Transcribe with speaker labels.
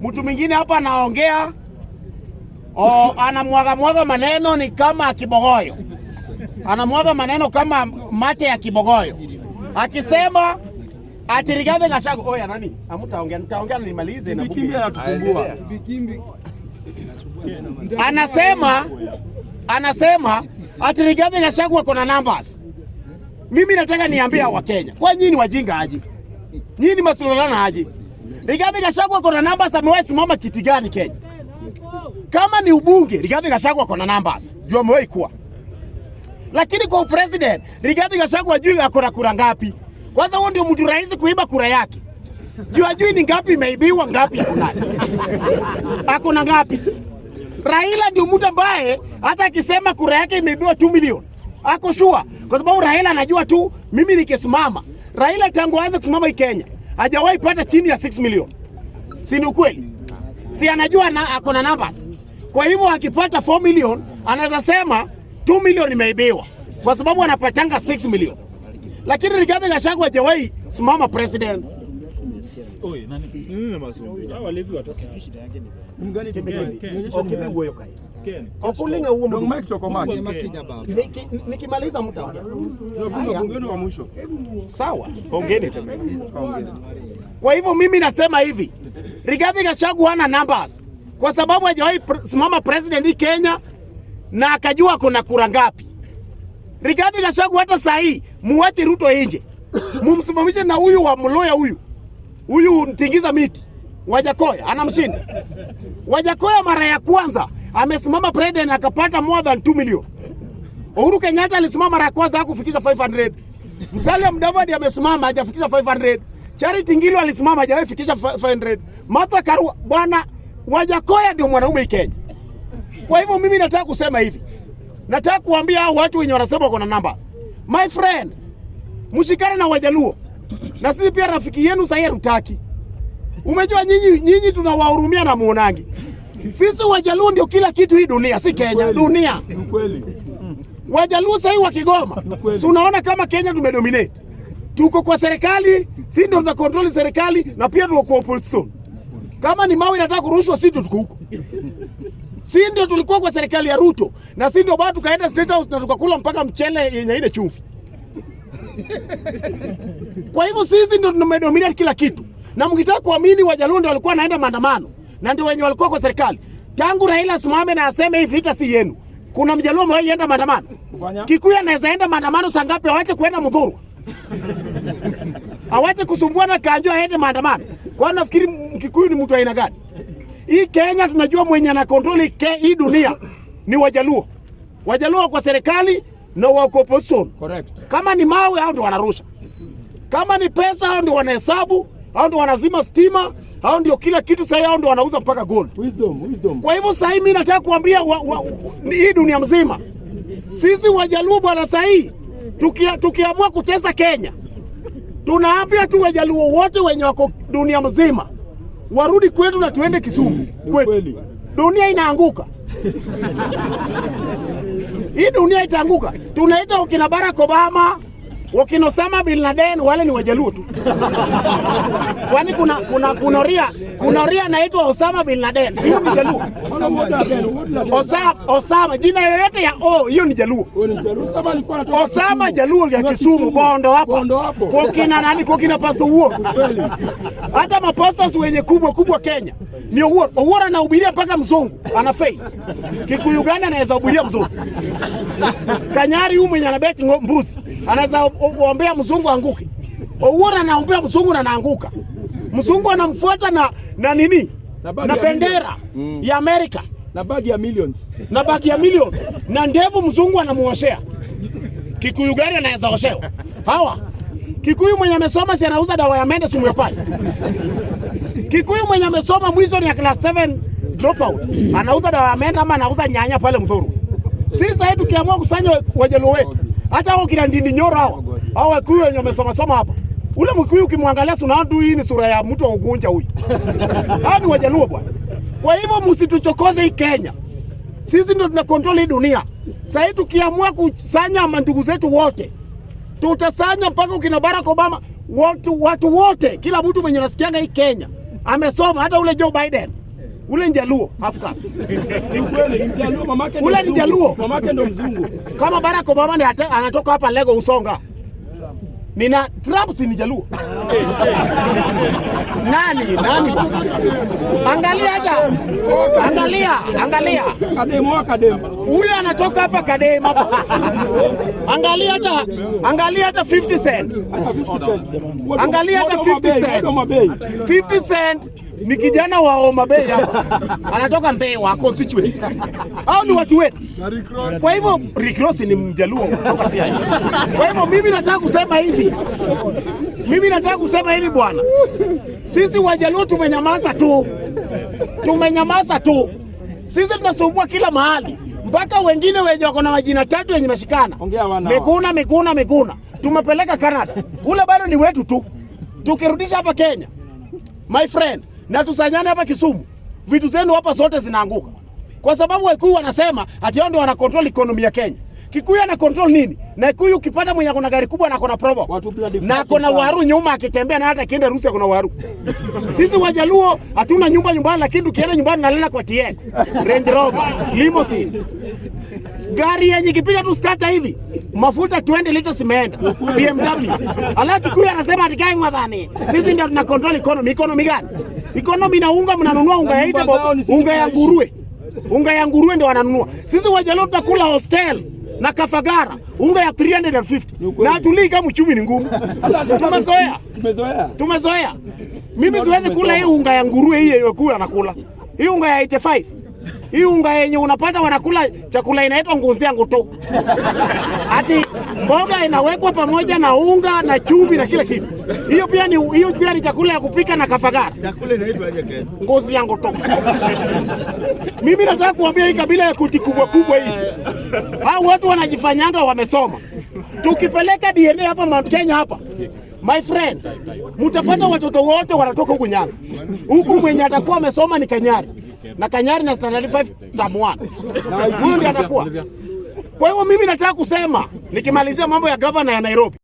Speaker 1: mtu mwingine hapa anaongea o, anamwaga mwaga maneno ni kama kibogoyo, anamwaga maneno kama mate ya kibogoyo, akisema ati Rigathi Gachagua. Oya nani, amtaongea nitaongea nimalize na Bukimbi
Speaker 2: anatusumbua.
Speaker 1: Anasema anasema ati Rigathi Gachagua kuna numbers. Mimi nataka niambie Wakenya, kwa nyinyi wajinga aje? Nyinyi na aje? Rigathi Gachagua kona numbers amewahi simama kiti gani Kenya? Kama ni ubunge Rigathi Gachagua kona numbers. Jua amewahi kuwa. Lakini kwa president Rigathi Gachagua ajui akona kura ngapi. Kwanza huo ndio mtu rahisi kuiba kura yake. Juu ajui ni ngapi imeibiwa ngapi akunayo. Hakuna ngapi. Raila ndio mtu ambaye hata akisema kura yake imeibiwa 2 million. ako sure kwa sababu Raila anajua tu, mimi nikisimama. Raila tangu aanze kusimama Kenya hajawahi pata chini ya 6 million, si ni ukweli? Si anajua na ako na numbers. Kwa hivyo akipata 4 million anaweza sema 2 million imeibiwa, kwa sababu anapatanga 6 million. Lakini Rigathi Gachagua hajawahi simama president Oi, nani? na masomo? Hawa Mgani Okay, wewe Wakulina huo ndio maji. Nikimaliza mtaongea. wa mwisho. Sawa. tena. Kwa hivyo mimi nasema hivi. Rigathi Gachagua hana numbers. Kwa sababu hajawahi simama president hii Kenya na akajua kuna kura ngapi. Rigathi Gachagua hata saa hii muache Ruto nje. Mumsimamishe na huyu wa mloya huyu. Huyu mtingiza miti. Wajakoya anamshinda. Wajakoya mara ya kwanza amesimama president akapata more than 2 million. Uhuru Kenyatta alisimama la kwanza hakufikisha 500. Musalia Mudavadi amesimama hajafikisha 500. Charity Ngilu alisimama hajafikisha 500. Martha Karua bwana Wajakoya ndio mwanaume Kenya. Kwa hivyo mimi nataka kusema hivi. Nataka kuambia hao watu wenye wanasema wako na namba. My friend, mshikane na Wajaluo. Na sisi pia rafiki yenu sasa Rutaki. Umejua nyinyi nyinyi tunawahurumia na muonangi. Sisi Wajaluo ndio kila kitu hii dunia, si Kenya, dunia. Hmm. Wajaluo sahii wa Kigoma, si unaona kama Kenya tumedominate, tuko kwa serikali, si ndio tuna control serikali na pia tuko kwa opposition. Kama ni mawe inataka kurushwa, si ndio tuko huko, si ndio tulikuwa kwa serikali ya Ruto na si ndio baada tukaenda State House na tukakula mpaka mchele yenye ile chumvi. Kwa hivyo sisi ndio tumedominate kila kitu, na mkitaka kuamini Wajaluo ndio walikuwa naenda maandamano na ndio wenye walikuwa kwa serikali tangu Raila simame na aseme hii vita si yenu. Kuna mjaluo mwa yenda maandamano? Kikuyu anaweza enda maandamano saa ngapi? Awache kuenda mdhuru awache kusumbua na Kanjo, aende maandamano. Kwa nafikiri Kikuyu ni mtu aina gani? Hii Kenya tunajua mwenye ana kontroli hii dunia ni Wajaluo. Wajaluo kwa serikali na wa opposition. Correct. Kama ni mawe hao ndio wanarusha, kama ni pesa hao ndio wanahesabu hao ndio wanazima stima, hao ndio kila kitu. Sasa hao ndio wanauza mpaka gold. Wisdom, wisdom. Kwa hivyo sasa mimi nataka kuambia hii dunia mzima, sisi Wajaluo bwana, sasa hii tukiamua kutesa Kenya, tunaambia tu Wajaluo wote wenye wako dunia mzima warudi kwetu na tuende Kisumu kwetu. Dunia inaanguka hii dunia itaanguka. Tunaita ukina Barack Obama Wakina Osama bin Laden wale ni Wajaluo tu kwani kuna kuna kunoria kunoria naitwa Osama bin Laden, hiyo ni Jaluo. Osama, Osama jina yoyote ya o oh, hiyo ni Jaluo. Osama Jaluo ya Kisumu Bondo hapo. kwa kina nani, kwa kina Pasto huo, hata mapastas wenye kubwa kubwa Kenya ni Owuor. Owuor anahubiria mpaka mzungu anafei. Kikuyu gani anaweza hubiria mzungu? Kanyari huyu mwenye anabeti mbuzi anaweza ombea mzungu anguke. Owuor anaombea mzungu na anaanguka, mzungu anamfuata na na nini na, na bendera ya, ya Amerika mm.
Speaker 2: na bagi ya millions
Speaker 1: na bagi ya milioni na ndevu, mzungu anamuoshea. Kikuyu gani anaweza oshewa? Hawa Kikuyu mwenye amesoma si anauza dawa ya mende sumu ya pai Kikuyu mwenye amesoma mwisho ni ya class 7 dropout anauza dawa ameenda ama anauza nyanya pale Mthuru. Sisi sasa tukiamua kusanya Wajaluo wetu hata hao kina Ndindi Nyoro hao hao Wakikuyu wenye wamesoma soma hapa, ule Mkikuyu ukimwangalia sunadu hii ni sura ya mtu wa ugunja huyu. Hao ni Wajaluo bwana. Kwa hivyo msituchokoze hii Kenya, sisi ndio tuna control hii dunia. Sasa tukiamua kusanya mandugu zetu wote tutasanya mpaka ukina Barack Obama, watu watu wote, kila mtu mwenye nasikianga hii Kenya amesoma hata ule Joe Biden eh. ule njaluo half caste ni kweli njaluo mamake ule njaluo mamake ndo mzungu kama Barack Obama ni anatoka hapa Lego Usonga nina trap si ni nani nani, angalia hata angalia angalia, kademo wa kademo, huyo anatoka hapa kademo hapa, angalia hata angalia hata 50 cent, angalia hata 50 cent 50 cent ni kijana wa Homa Bay anatoka Mbeya constituency, au ni watu wetu. Kwa hivyo Recross ni mjaluo kutoka Siaya. Kwa hivyo mimi nataka kusema hivi, mimi nataka kusema hivi bwana, sisi wajaluo tumenyamaza tu, tumenyamaza tu. Sisi tunasumbua kila mahali, mpaka wengine wenye wako na majina tatu yenye mashikana Miguna, Miguna, Miguna tumepeleka Canada kule, bado ni wetu tu. Tukirudisha hapa Kenya, my friend na tusanyane hapa Kisumu, vitu zenu hapa zote zinaanguka, kwa sababu wakuu wanasema ati wao ndio wanakontrol economy ya Kenya. Kikuyu ana control nini? Na Kikuyu ukipata mwenye akona gari kubwa na akona probo na akona waru nyuma akitembea, na hata kienda Rusia akona waru. Sisi Wajaluo hatuna nyumba nyumbani, lakini tukienda nyumbani nalala kwa TX Range Rover limousine, gari yenye kipiga tu starter hivi mafuta 20 liters imeenda BMW. Alafu Kikuyu anasema atikae mwadhani, sisi ndio tuna control economy. Economy gani? Economy na unga, mnanunua unga ya ite, unga ya nguruwe, unga ya nguruwe ndio wananunua. Sisi Wajaluo tutakula hostel na Kafagara unga ya 350 na kama uchumi ni ngumu. Tumezoea, tumezoea, tumezoea. Mimi siwezi kula hii unga ya nguruwe hii yokuwa anakula hii unga ya 85 hii unga yenye unapata wanakula chakula inaitwa ngunziangu tu. Ati mboga inawekwa pamoja na unga na chumvi na kila kitu. Hiyo pia ni hiyo pia ni chakula ya kupika na kafagara. Chakula inaitwa aje Kenya? Ngozi yangu Mimi nataka kuambia hii kabila ya kuti kubwa kubwa hii. Hao watu wanajifanyanga wamesoma. Tukipeleka DNA hapa Mount Kenya hapa. My friend, mtapata watoto wote wanatoka huku Nyanza. Huku mwenye atakuwa amesoma ni Kenyari na Kanyari na Standard 5 tamuana huyu ndiye anakuwa. Kwa hiyo mimi nataka kusema nikimalizia mambo ya gavana ya Nairobi